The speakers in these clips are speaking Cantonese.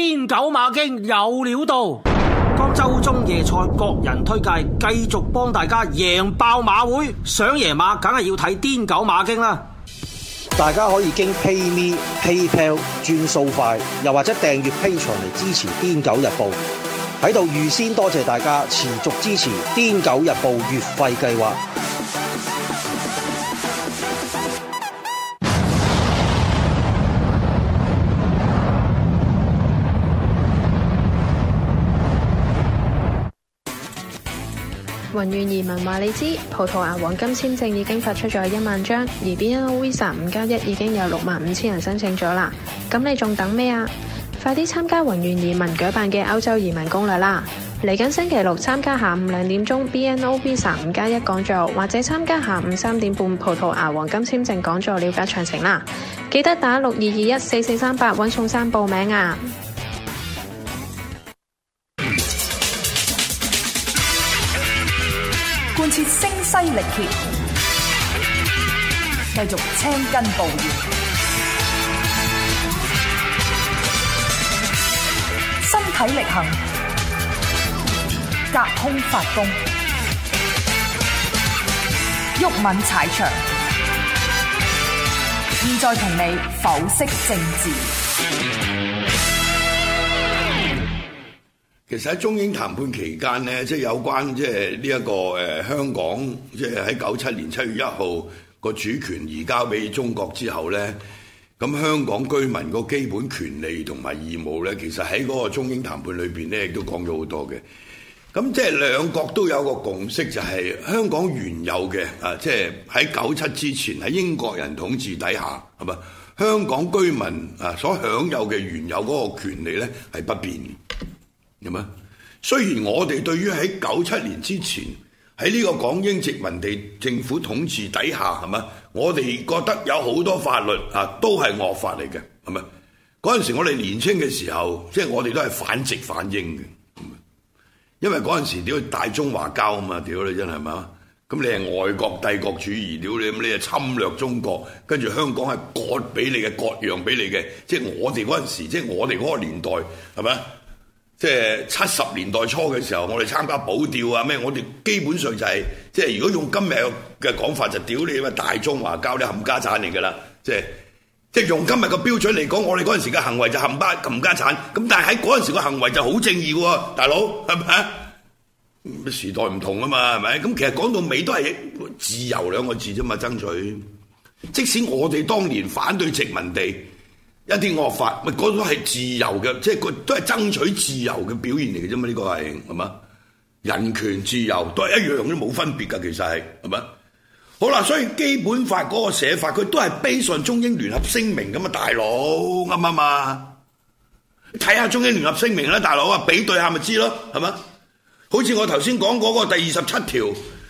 癲狗馬經有料到，當周中夜賽各人推介，繼續幫大家贏爆馬會。想贏馬，梗係要睇癲狗馬經啦。大家可以經 PayMe PayPal 轉數快，又或者訂閱 Pay 牆嚟支持癲狗日報。喺度預先多謝大家持續支持癲狗日報月費計劃。宏願移民話你知，葡萄牙黃金簽證已經發出咗一萬張，而 BNO Visa 五加一已經有六萬五千人申請咗啦，咁你仲等咩啊？快啲參加宏願移民舉辦嘅歐洲移民攻略啦！嚟緊星期六參加下午兩點鐘 BNO Visa 五加一講座，或者參加下午三點半葡萄牙黃金簽證講座，了解詳情啦！記得打六二二一四四三八揾宋生報名啊！聲嘶力竭，繼續青筋暴現，身體力行，隔空發功，毓民踩場，現在同你剖析政治。其實喺中英談判期間呢，即係有關即係呢一個誒香港，即係喺九七年七月一號個主權移交俾中國之後呢，咁香港居民個基本權利同埋義務呢，其實喺嗰個中英談判裏邊呢，亦都講咗好多嘅。咁即係兩國都有個共識，就係香港原有嘅啊，即係喺九七之前喺英國人統治底下，係咪香港居民啊所享有嘅原有嗰個權利呢，係不變。係咪？雖然我哋對於喺九七年之前喺呢個港英殖民地政府統治底下，係咪？我哋覺得有好多法律啊，都係惡法嚟嘅，係咪？嗰陣時我哋年青嘅時候，即係我哋都係反殖反英嘅，因為嗰陣時屌大中華膠啊嘛，屌你真係嘛。咁你係外國帝國主義，屌你，你係侵略中國，跟住香港係割俾你嘅，割讓俾你嘅，即係我哋嗰陣時，即係我哋嗰個年代，係咪？即係七十年代初嘅時候，我哋參加保釣啊咩？我哋基本上就係、是、即係如果用今日嘅講法，就屌你啊大中華膠你冚家鏟嚟㗎啦！即係即係用今日個標準嚟講，我哋嗰陣時嘅行為就冚巴冚家鏟。咁但係喺嗰陣時嘅行為就好正義喎，大佬係咪啊？時代唔同啊嘛，係咪？咁其實講到尾都係自由兩個字啫嘛，爭取。即使我哋當年反對殖民地，一啲惡法，咪嗰種係自由嘅，即係佢都係爭取自由嘅表現嚟嘅啫嘛？呢個係係嘛？人權自由都係一樣都冇分別嘅，其實係係咪？好啦，所以基本法嗰個寫法，佢都係背信《中英聯合聲明》咁啊，大佬啱唔啱啊？睇下《中英聯合聲明》啦，大佬啊，比對下咪知咯，係咪？好似我頭先講嗰個第二十七條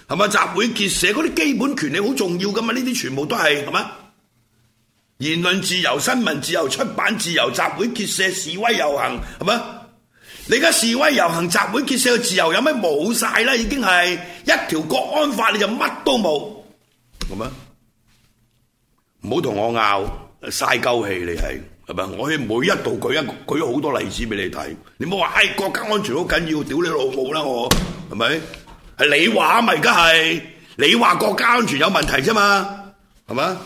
係咪集會結社嗰啲基本權利好重要噶嘛？呢啲全部都係係咪？言論自由、新聞自由、出版自由、集會結社、示威遊行，係咪？你而家示威遊行、集會結社嘅自由有咩冇晒啦？已經係一條國安法，你就乜都冇，係咪？唔好同我拗，嘥鳩氣你係，係咪？我喺每一度舉一舉咗好多例子俾你睇，你唔好話，誒、哎，國家安全好緊要，屌你老母啦我，係咪？係你話咪，而家係你話國家安全有問題啫嘛，係咪？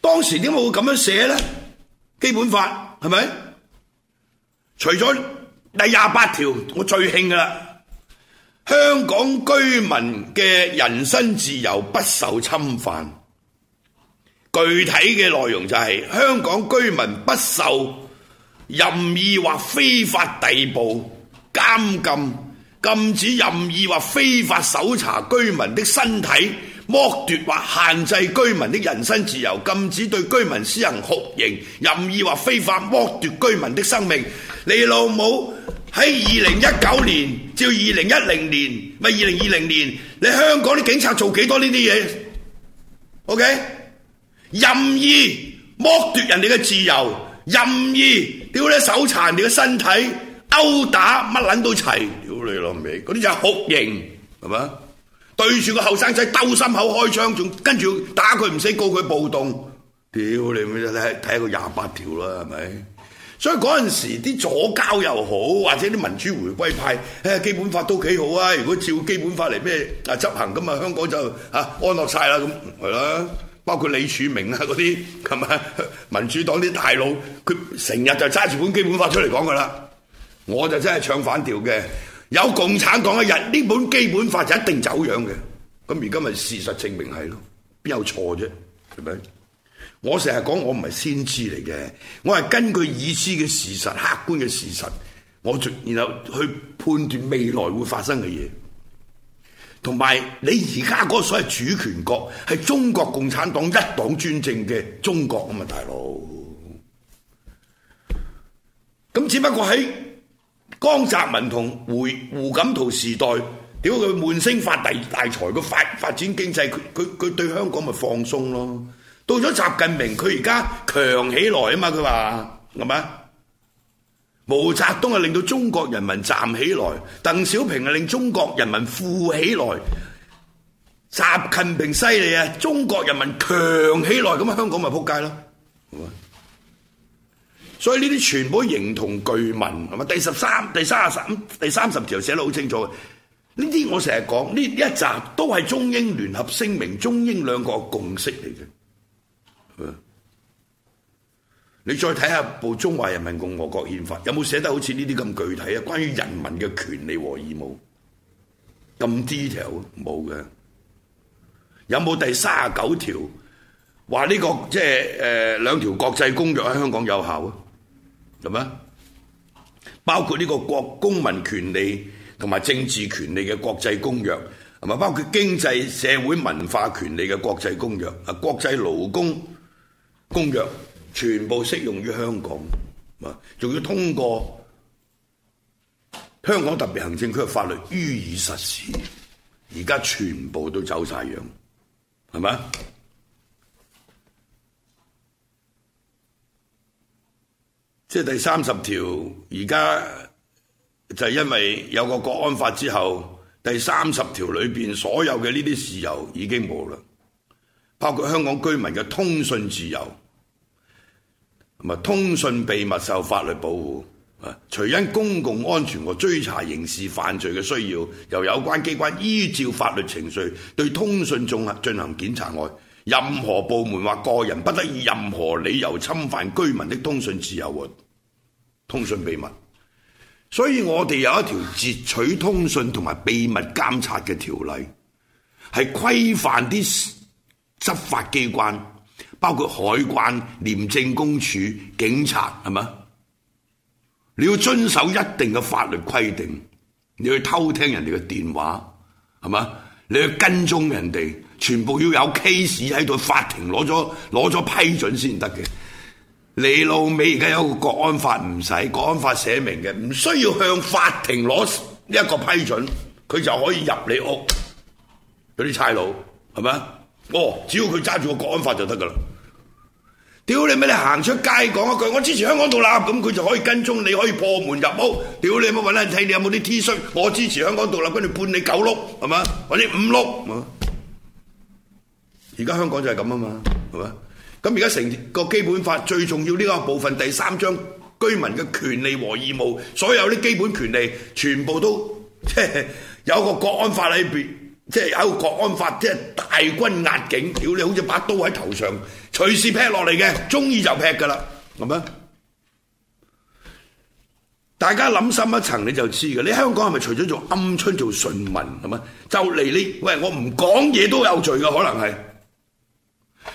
當時點會咁樣寫呢？基本法係咪？除咗第廿八條，我最興㗎喇，香港居民嘅人身自由不受侵犯。具體嘅內容就係、是、香港居民不受任意或非法逮捕、監禁，禁止任意或非法搜查居民的身體，剝奪或限制居民的人身自由，禁止對居民施行酷刑，任意或非法剝奪居民的生命。你老母喺二零一九年至二零一零年，咪二零二零年，你香港啲警察做幾多呢啲嘢？O K，任意剝奪人哋嘅自由，任意屌你手殘你嘅身體，毆打乜撚都齊，屌你老味，嗰啲就酷刑，係嘛？對住個後生仔兜心口開槍，仲跟住打佢唔死，告佢暴動。屌你咩咧？睇下個廿八條啦，係咪？所以嗰陣時啲左膠又好，或者啲民主回歸派，哎、基本法都幾好啊！如果照基本法嚟咩啊執行咁啊，香港就嚇安樂晒啦，咁係啦。包括李柱銘啊嗰啲，係咪？ 民主黨啲大佬，佢成日就揸住本基本法出嚟講㗎啦。我就真係唱反調嘅。有共產黨一日，呢本基本法就一定走樣嘅。咁而家咪事實證明係咯，邊有錯啫？係咪？我成日講我唔係先知嚟嘅，我係根據已知嘅事實、客觀嘅事實，我然後去判斷未來會發生嘅嘢。同埋你而家嗰個所謂主權國，係中國共產黨一黨專政嘅中國啊嘛，大佬。咁只不過係。江澤民同胡胡錦濤時代，屌佢悶聲發大大財，佢發發展經濟，佢佢佢對香港咪放鬆咯？到咗習近平，佢而家強起來啊嘛！佢話係咪啊？毛澤東係令到中國人民站起來，鄧小平係令中國人民富起來，習近平犀利啊！中國人民強起來，咁啊香港咪扑街咯？好啊！所以呢啲全部形同具文係嘛？第十三、第三十三、第三十條寫得好清楚。呢啲我成日講呢一集都係中英聯合聲明、中英兩個共識嚟嘅。你再睇下部《中華人民共和國憲法》，有冇寫得好似呢啲咁具體啊？關於人民嘅權利和義務，咁 detail 冇嘅。有冇第三十九條話呢個即係誒兩條國際公約喺香港有效啊？咁啊，包括呢個國公民權利同埋政治權利嘅國際公約，係嘛包括經濟社會文化權利嘅國際公約啊，國際勞工公約，全部適用於香港啊，仲要通過香港特別行政區嘅法律予以實施，而家全部都走晒樣，係咪？即係第三十條，而家就係因為有個國安法之後，第三十條裏邊所有嘅呢啲自由已經冇啦，包括香港居民嘅通訊自由，同埋通訊秘密受法律保護。啊，除因公共安全和追查刑事犯罪嘅需要，由有關機關依照法律程序對通訊仲進行檢查外。任何部門或個人不得以任何理由侵犯居民的通訊自由、通訊秘密，所以我哋有一條截取通訊同埋秘密監察嘅條例，係規範啲執法機關，包括海關、廉政公署、警察，係嘛？你要遵守一定嘅法律規定，你要去偷聽人哋嘅電話，係嘛？你要去跟蹤人哋。全部要有 case 喺度，法庭攞咗攞咗批准先得嘅。你老尾而家有個國安法，唔使國安法寫明嘅，唔需要向法庭攞呢一個批准，佢就可以入你屋。嗰啲差佬係咪啊？哦，只要佢揸住個國安法就得噶啦。屌你咩？你行出街講一句我支持香港獨立，咁佢就可以跟蹤，你可以破門入屋。屌你冇揾人睇你有冇啲 T 恤，shirt，我支持香港獨立，跟住判你九碌係咪啊？或者五碌。而家香港就係咁啊嘛，係嘛？咁而家成個基本法最重要呢個部分，第三章居民嘅權利和義務，所有啲基本權利全部都有個國安法裏邊，即係有個國安法，即係大軍壓境，屌你，好似把刀喺頭上，隨時劈落嚟嘅，鍾意就劈㗎喇，係咪？大家諗深一層你就知嘅，你香港係咪除咗做鵪鶉做順民，係咪？就嚟呢？喂，我唔講嘢都有罪嘅，可能係。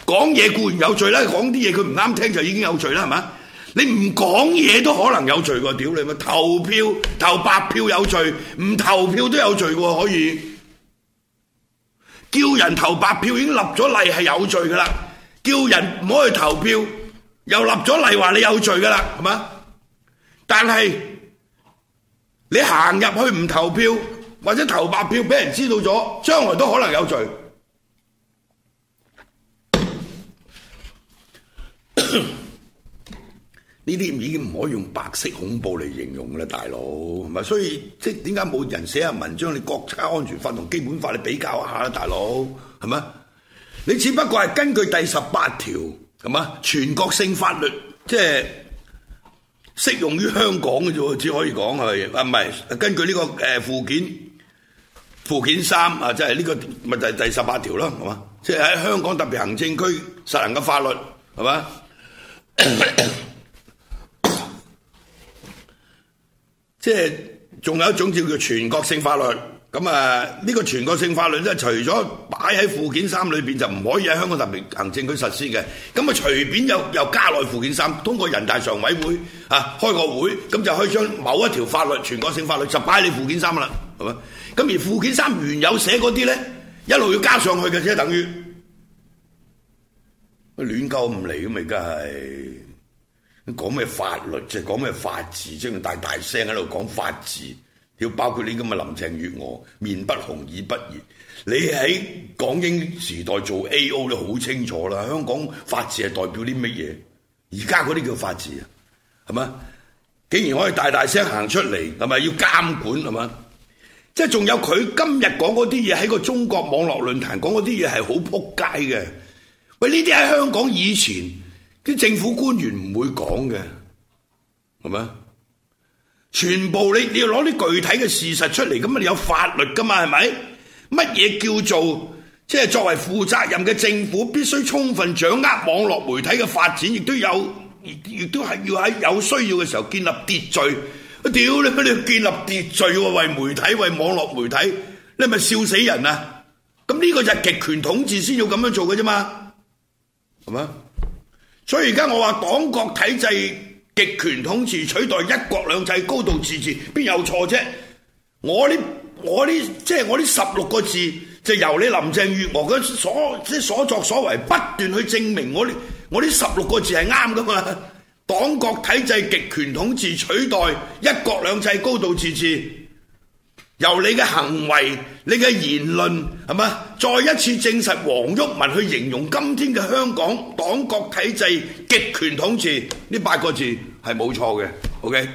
講嘢固然有罪啦，講啲嘢佢唔啱聽就已經有罪啦，係嘛？你唔講嘢都可能有罪㗎，屌你咪投票投白票有罪，唔投票都有罪㗎，可以叫人投白票已經立咗例係有罪噶啦，叫人唔好去投票又立咗例話你有罪噶啦，係嘛？但係你行入去唔投票或者投白票俾人知道咗，將來都可能有罪。呢啲已經唔可以用白色恐怖嚟形容啦，大佬。咪所以即點解冇人寫下文章？你國家安全法同基本法你比較下啦，大佬係咪？你只不過係根據第十八條係嘛？全國性法律即係適用於香港嘅啫，只可以講係、這個呃、啊，唔係根據呢個誒附件附件三啊，即係呢個咪就係第十八條啦，係嘛？即係喺香港特別行政區實行嘅法律，係嘛？即係仲有一種叫做全國性法律，咁啊呢個全國性法律咧，除咗擺喺附件三裏邊就唔可以喺香港特別行政區實施嘅，咁啊隨便又又加落附件三，通過人大常委會啊開個會，咁就可以將某一條法律全國性法律就擺喺你附件三啦，係咪？咁而附件三原有寫嗰啲咧，一路要加上去嘅，即係等於。亂交唔嚟咁咪，梗係講咩法律，即係講咩法治，即係大大聲喺度講法治，要包括你咁嘅林鄭月娥面不紅耳不熱。你喺港英時代做 AO 都好清楚啦，香港法治係代表啲乜嘢？而家嗰啲叫法治啊，係嘛？竟然可以大大聲行出嚟，係咪？要監管，係嘛？即係仲有佢今日講嗰啲嘢喺個中國網絡論壇講嗰啲嘢係好撲街嘅。佢呢啲喺香港以前啲政府官員唔會講嘅，係咪啊？全部你你要攞啲具體嘅事實出嚟，咁你有法律噶嘛？係咪乜嘢叫做即係作為負責任嘅政府，必須充分掌握網絡媒體嘅發展，亦都有亦亦都係要喺有需要嘅時候建立秩序。我屌你，乜你要建立秩序喎？為媒體，為網絡媒體，你係咪笑死人啊！咁呢個就係極權統治先要咁樣做嘅啫嘛。係嘛？所以而家我話黨國體制極權統治取代一國兩制高度自治，邊有錯啫？我呢？我呢？即係我呢，就是、十六個字，就由你林鄭月娥嘅所即係所作所為，不斷去證明我呢我呢十六個字係啱噶嘛？黨國體制極權統治取代一國兩制高度自治。由你嘅行為、你嘅言論，係嘛？再一次證實黃毓民去形容今天嘅香港黨國體制極權統治呢八個字係冇錯嘅。OK，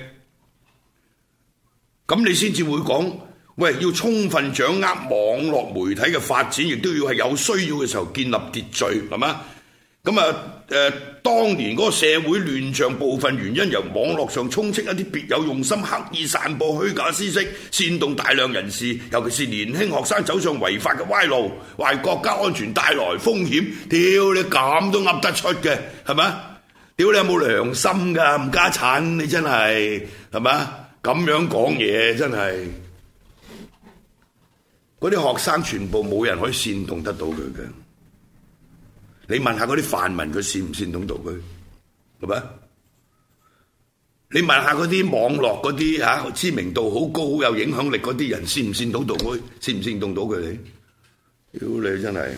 咁你先至會講，喂，要充分掌握網絡媒體嘅發展，亦都要係有需要嘅時候建立秩序，係嘛？咁啊！誒、呃，當年嗰個社會亂象部分原因由網絡上充斥一啲別有用心、刻意散佈虛假消息，煽動大量人士，尤其是年輕學生走上違法嘅歪路，為國家安全帶來風險。屌你咁都噏得出嘅，係咪啊？屌你有冇良心㗎？冚家剷你真係係咪啊？咁樣講嘢真係，嗰啲學生全部冇人可以煽動得到佢嘅。你問下嗰啲泛民佢煽唔煽動到佢，係咪？你問下嗰啲網絡嗰啲嚇知名度好高、好有影響力嗰啲人，煽唔煽動到佢？煽唔煽動到佢哋？屌你真係！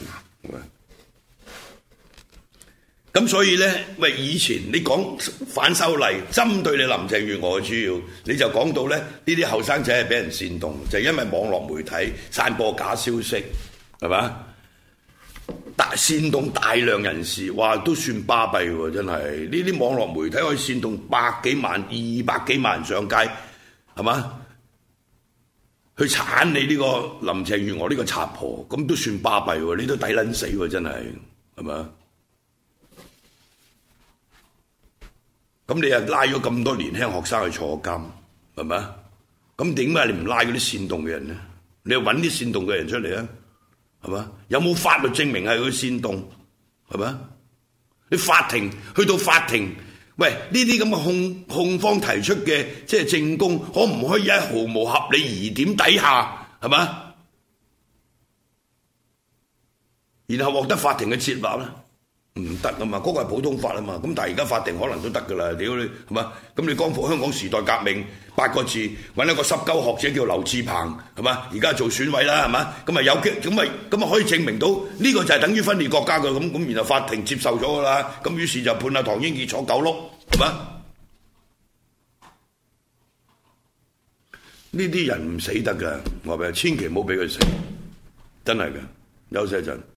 咁所以咧，喂，以前你講反修例針對你林鄭月娥主要，你就講到咧呢啲後生仔係俾人煽動，就因為網絡媒體散播假消息，係咪啊？煽動大量人士，哇，都算巴閉喎！真係呢啲網絡媒體可以煽動百幾萬、二百幾萬人上街，係嘛？去鏟你呢個林鄭月娥呢個賊婆，咁都算巴閉喎！你都抵撚死喎！真係係咪啊？咁你又拉咗咁多年輕學生去坐監，係咪啊？咁點解你唔拉嗰啲煽動嘅人咧？你搵啲煽動嘅人出嚟啊！係嘛？有冇法律證明係佢煽動？係嘛？你法庭去到法庭，喂，呢啲咁嘅控控方提出嘅即係證供，可唔可以喺毫無合理疑點底下，係嘛？然後獲得法庭嘅設立咧。唔得噶嘛，嗰、那個係普通法啊嘛，咁但係而家法庭可能都得噶啦，屌你係嘛，咁你光復香港時代革命八個字，揾一個濕鳩學者叫劉智鵬係嘛，而家做選委啦係嘛，咁咪有嘅，咁咪咁咪可以證明到呢、這個就係等於分裂國家嘅，咁咁然後法庭接受咗噶啦，咁於是就判阿唐英傑坐九碌係嘛，呢啲人唔死得噶，我咪千祈唔好俾佢死，真係嘅，休息一陣。